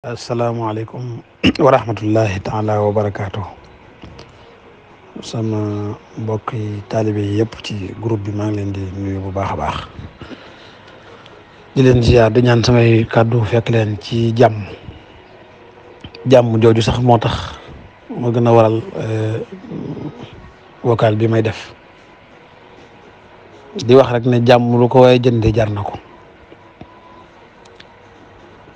asalaamaaleykum wa rahmatullahi taala wa barakaatu sama mbokki taalibe yépp ci groupe bi maa ngi leen di nuyu bu baax a baax di leen ziar di ñaan samay kàddu fekk leen ci jàmm jàmm jooju sax moo tax moo gën a waral eh, vocal bi may def di wax rek ne jàmm lu ko waaye jënde jar na ko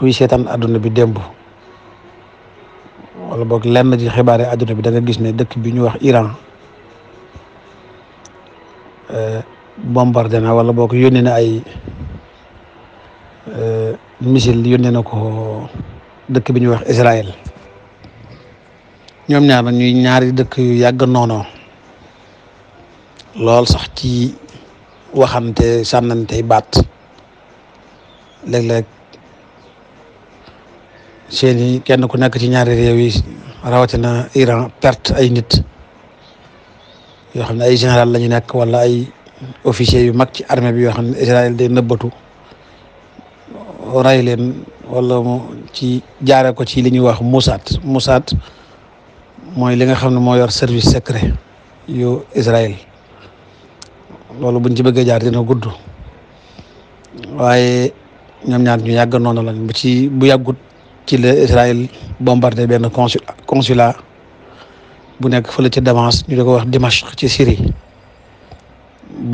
kuy seetaan adduna bi démb wala boog lenn ci xibaari adduna bi danga gis ne dëkk bi ñu wax Iran eh, bombardé na wala boog yónnee na ay eh, missile yónnee na ko dëkk bi ñu wax Israël ñoom ñaar ñuy ñaari dëkk yu yàgg noonu lool sax ci waxante sànnante baat léeg-léeg seen i kenn ku nekk ci ñaari réew yi rawatina Iran perte ay nit yoo xam ne ay général la nekk walla ay officier yu mag ci armée bi yoo xam ne Israël day nëbbatu ray leen wala mu ci jaare ko ci li ñuy wax Mossad Mossad mooy li nga xam ne moo yor service secret yu Israël loolu buñ ci bëggee jaar a gudd waaye ñoom ñaar ñu yàgg noonu lañ bu ci bu yàggut ci la Israël bombardé benn consul consulat bu nekk fële ci Damas ñu di ko wax Dimashq ci siri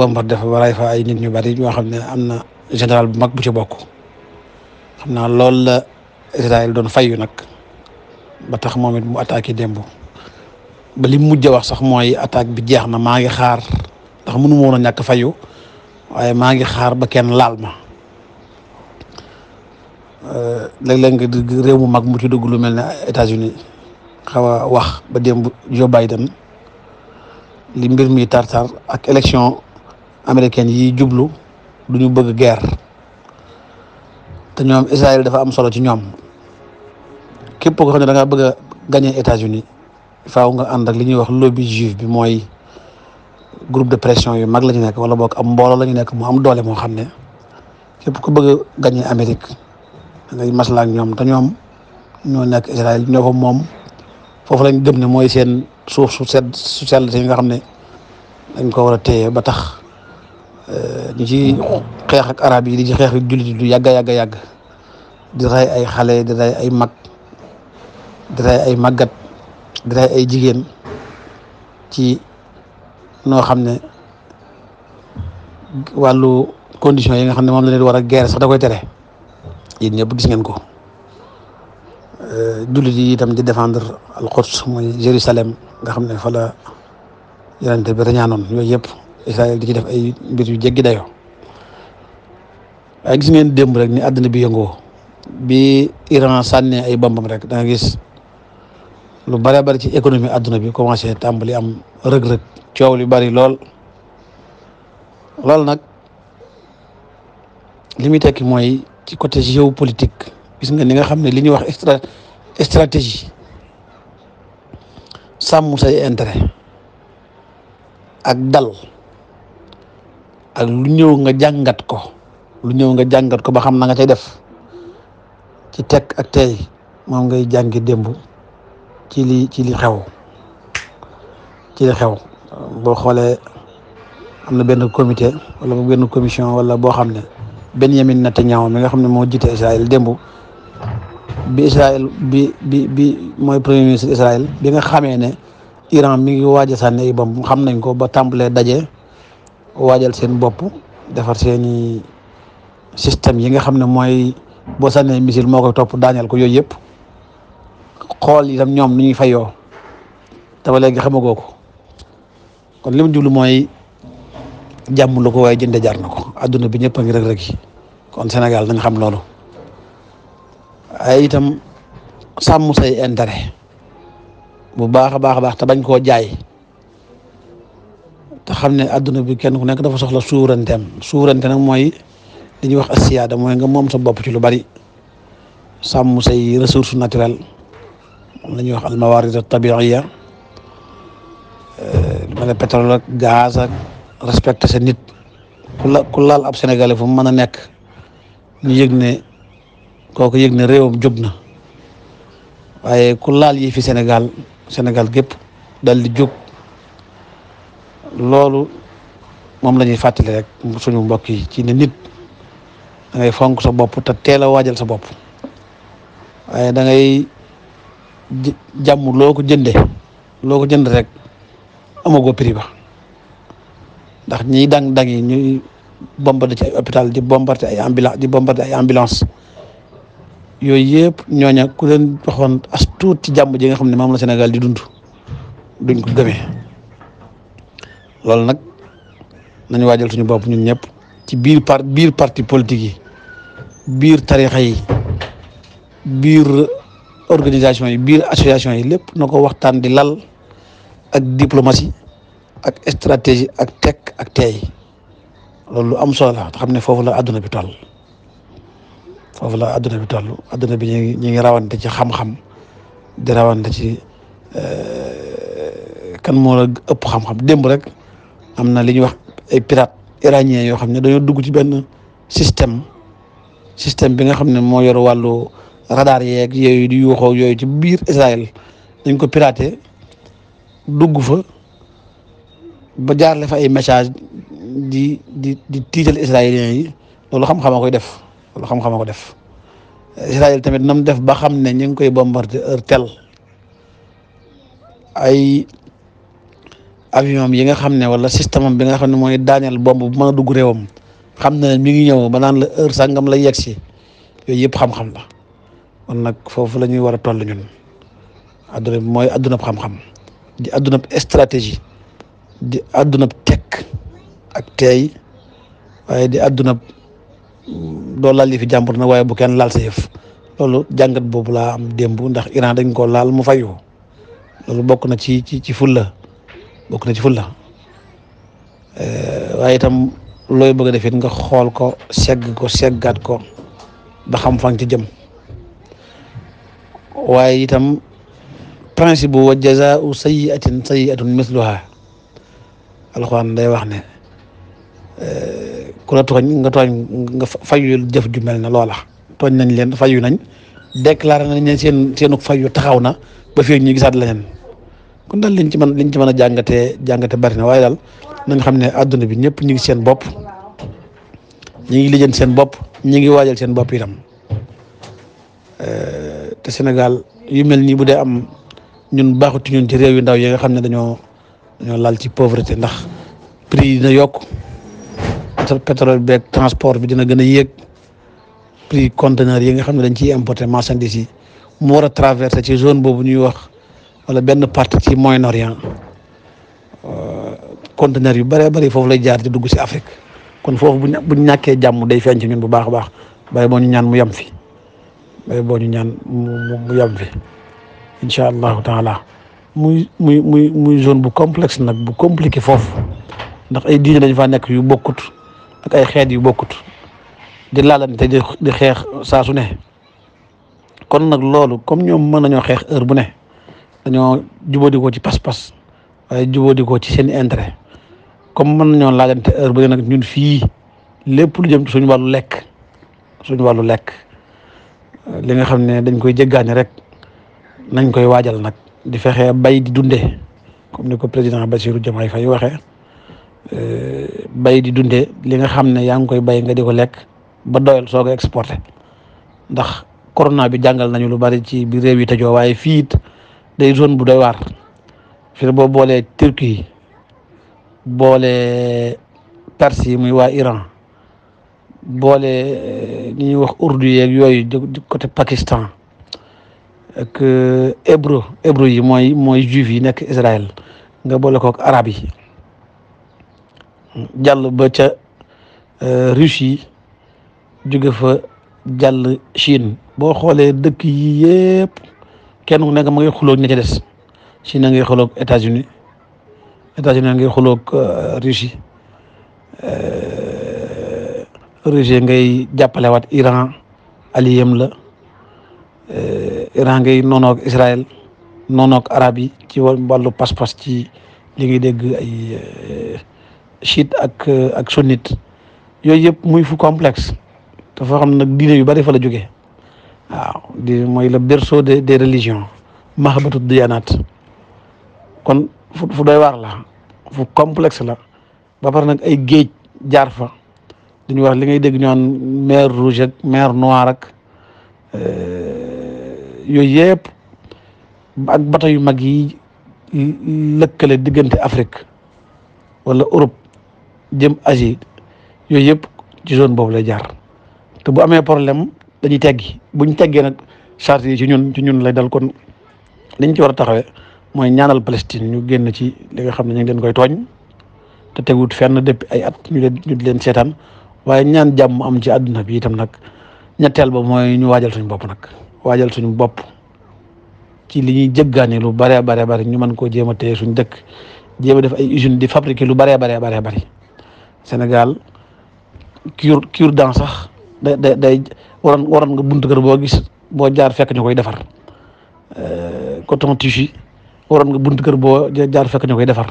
bombardé fa ba fa ay nit ñu bari ñoo xam ne am na général bu mag bu ci bokk xam naa loolu la Israël doon fayu nag ba tax moom it mu attaqué démb ba li mujj wax sax mooy attaque bi jeex na maa ngi xaar ndax mënu ma a ñàkk fayu waaye maa ngi xaar ba kenn laal ma. léeg-léeg nga réew mu mag mu ci dugg lu mel ne États-Unis xaw a wax ba démb Joe Biden li mbir mi tartar ak élection américaine yi jublu du ñu bëgg guerre te ñoom Israël dafa am solo ci ñoom képp koo xam ne da ngaa bëgg a gagner États-Unis faaw nga ànd ak li ñuy wax lobby juif bi mooy groupe de pression yu mag la ñu nekk wala boog am mbooloo la ñu nekk mu am doole moo xam ne képp ku bëgg a gagner Amérique. dangay maslaa ak ñoom te ñoom ñoo nekk Israël ñoo ko moom foofu lañ gëm ne mooy seen suuf su sedd su sell si nga xam ne dañ ko war a téye ba tax ñu euh, ci xeex ak arab yi di ci xeex ak jullit yi du yàgg yàgg yàgg di rey ay xale di rey ay mag di rey ay màggat di rey ay jigéen ci noo xam ne wàllu condition yi nga xam ne moom la leen war a sax da koy tere yéen ñëpp gis ngeen ko euh, jullit yi tam di défendre alquds mooy Jérusalem nga xam ne fa la yonente bi rañaanoon yooyu yëpp Israël di ci def ay mbir yu jéggi dayoo waaye gis ngeen démb rek ni àddina bi yëngoo bi Iran sànnee ay bombam rek da gis lu bare bari ci économie àdduna bi commencé tàmbali am rëg-rëg coow li bari lol lol nak li muy tekki ci côté géopolitique gis nga ni nga xamné li ñu wax stratégie sam say intérêt ak dal ak lu ñew nga jangat ko lu ñew nga jangat ko ba xam na nga cay def ci tek ak tay moom ngay jangi dembu ci li ci li xew ci li xew bo xolé amna ben comité wala ben commission wala bo xamné euh Benjamin Netanyahu mi nga xam ne moo jiite Israël démb bi Israël bi bi bi mooy premier ministre Israël bi nga xamee ne Iran mi ngi waaj a sànni ay bomb xam nañ ko ba tàmbalee daje waajal seen bopp defar seeni système yi nga xam ne mooy boo sànnee missile moo koy topp daaneel ko yooyu yëpp xool itam ñoom nu ñuy fayoo te ba léegi xamagoo ko kon li mu mooy jàmm lu ko waaye jënde jar na ko adduna bi ñëpp a ngi rëg-rëg yi kon Sénégal dañ xam lolu ay itam sàmm say intérêt bu baax a baax a baax te bañ koo jaay te xam ne àdduna bi kenn ku nekk dafa soxla suuranteem suurante nag mooy li ñuy wax asiyaada mooy nga moom sa bopp ci lu bari sàmm say ressource naturelle moom la ñuy wax almawarid tabiiya lu mel ne pétrole ak gaz ak respecté sa nit ku la ku laal ab sénégalais fu mu mën a nekk ñu yëg ne kooku yëg ne réewam jub na waaye ku laal yi fi Sénégal Sénégal gépp dal di jóg loolu moom lañuy ñuy fàttali rek suñu mbokk yi ci ne nit da ngay fonk sa bopp te teel a waajal sa bopp waaye da ngay jàmm loo ko jënde loo ko jënd rek amagoo prix ba ndax ñiy dang-dang bombardé ci ay hôpital di bombardé ay ambulance di bombardé ay ambulance yooyu yëpp ñooña ku leen waxoon as tuut ci jàmm ji nga xam ne moom la Sénégal di dund duñ ko gëmee loolu nag nañu waajal suñu bopp ñun ñëpp ci biir biir parti politique yi biir tarixa yi biir organisation yi biir association yi lépp na ko waxtaan di lal ak diplomatie ak stratégie ak tek ak teey loolu lu am solo la xam ne foofu la adduna bi toll foofu la adduna bi toll adduna bi ñu ñu ngi rawante ci xam-xam di rawante ci eh, kan moo la démb rek am na li ñuy wax ay pirate iranien yoo xam ne dañoo dugg ci benn système système bi nga xam ne moo yor wàllu radar yeeg yooyu di yuuxoo yooyu ci biir Israël dañ ko piraté dugg fa ba jaarale fa ay message di di di tiital israéliens yi loolu xam koy def loolu xam-xama ko def israël tamit nam def ba xam ne ñu ngi koy bombarder heure tel ay avion yi nga xam ne wala système am bi nga xam ne mooy daaneel bomb bu dugg réewam xam na ne mi ngi ñëw ba naan la heure sàngam la yegg si yooyu yëpp xam-xam la kon nag foofu lañuy ñuy war a toll ñun adduna bi mooy addunab xam-xam di addunab stratégie di addunab tekk ak tey waaye di àdduna doo laal yi fi na waaye bu kenn laal sa loolu jàngat boobu laa am démb ndax Iran dañ ko laal mu fayu loolu bokk na ci ci ci fulla bokk na ci fulla eh, waaye itam looy bëgg a def it nga xool ko segg ko seggaat ko ba ci jëm waaye itam principe bu wa wax ne ku la tooñ nga tooñ nga fayu jëf ju mel ne loola tooñ nañ leen fayu nañ déclaré nañ leen seen seenu fayu taxaw na ba fii ñuy gisaat leneen kon daal liñ ci man liñ ci mën a jàngatee jàngate bari na waaye daal nañ xam ne àdduna bi ñëpp ñu ngi seen bopp ñu ngi lijjën seen bopp ñu ngi waajal seen bopp itam te Sénégal yu mel nii bu dee am ñun baaxutu ñun ci réew yu ndaw yi xam ne dañoo dañoo laal ci pauvreté ndax prix yi dina yokk pétrole beeg transport bi dina gën a yéeg prix conteneur yi nga xam ne dañ ci ciy importer marchandise yi mu war a traversé ci zone boobu ñuy wax wala benn partie ci Moyen-Orient euh, conteneur yu bëree bëri foofu lay jaar di dugg si Afrique kon foofu bu buñ ñàkkee jàmm day feeñ ci ñun bu baax a baax bay boo ñu ñaan mu yem fi bay boo ñu ñaan mu yem fi incha allahu taala muy muy muy muy zone bu complexe nag bu compliqué foofu ndax ay diine dañ fa nekk yu bokkut ak ay xeet yu bokkut di laalante di xeex saa ne kon nag loolu comme ñoom mën nañoo xeex heure bu ne dañoo jubóodikoo ci pas-pas waaye jubóodikoo ci seen intérêt comme mën nañoo laajante heure bu nag ñun fii lépp lu jëm ci wàllu lekk suñu wàllu lekk li nga xam ne dañ koy jéggaani rek nañ koy waajal nag di fexe bay di dundee comme ni ko président Bassirou Diomaye Faye waxee Eh, bay di dundee li nga xam ne yaa ngi koy bay nga di ko lekk ba doyal soog a exporté ndax corona bi jàngal nañu lu bari ci biir réew yi tëjoo waaye fii it day zone bu doy waar boo boolee Turquie boolee Perse yi muy waa Iran boole ñi eh, ñuy wax urdu yeeg yooyu côté Pakistan ak hébreu eh, hébreu yi mooy mooy juif yi nekk Israël nga boole kook arab yi jàll ba ca euh, Russie jóge fa jàll Chine boo xoolee dëkk yi yëpp kenn ku nekk ma ngay xuloog ña ca des Chine a ngay xuloog États-Unis États-Unis a ngay xuloog euh, Russie euh, Russie ngay jàppale waat Iran aliyem la Iran ngay noonoog Israël noonoog arab yi ci wàllu pas-pas ci li ngay dégg ay chiite ak euh, ak sunnite yooyu yëpp muy fu complexe te foo xam ne nag diine yu bari fa la jógee waaw di mooy le berso de des religions mahabatu diyaanaat kon fu fu doy waar la fu complexe la ba pare nag ay géej jaar fa dañuy wax li ngay dégg ñu naan mer rouge ak mer noir ak euh, yooyu yëpp ak bato yu mag yi lëkkale diggante Afrique wala Europe jëm Asie yooyu yëpp ci zone boobu lay jaar te bu amee problème dañuy teggi buñ teggee nag charge yi ci ñun ci ñun lay dal kon liñ ci war a taxawee mooy ñaanal Palestine ñu génn ci li nga xam ne ñu ngi koy tooñ te tegut fenn depuis ay at ñu leen ñu leen seetaan waaye ñaan jàmm am ci àdduna bi itam nag ñetteel ba mooy ñu waajal suñ bopp nag waajal suñu bopp ci li ñuy jëggaane lu baree baree bari ñu mën koo jéem a téye dëkk jéem def ay usine di fabriquer lu baree baree baree bari Sénégal cure cure dent sax day day day waroon nga buntu kër boo gis boo jaar fekk ñu koy defar euh, coton tige waroon nga buntu kër boo jaar fekk ñu koy defar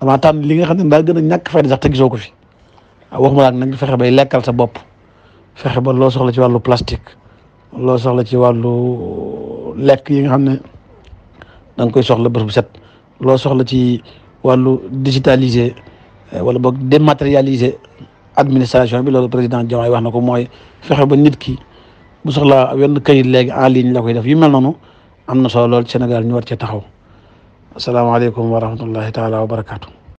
damaa li nga xam ne daa gën a ñàkk fayda sax te gisoo ko fi waxuma laak nag fexe bay lekkal sa bopp fexe ba loo soxla ci wàllu plastique loo soxla ci wàllu lekk yi nga xam ne da koy soxla bés bu digitalisé Euh, wala boog dématérialiser administration bi loolu président Diomaye wax na ko mooy fexe ba nit ki bu soxla wenn kayit léegi en ligne la koy def yu mel noonu am na solo lool Sénégal ñu war cee taxaw asalaamaaleykum wa rahmatullahi taala wa barakaatu.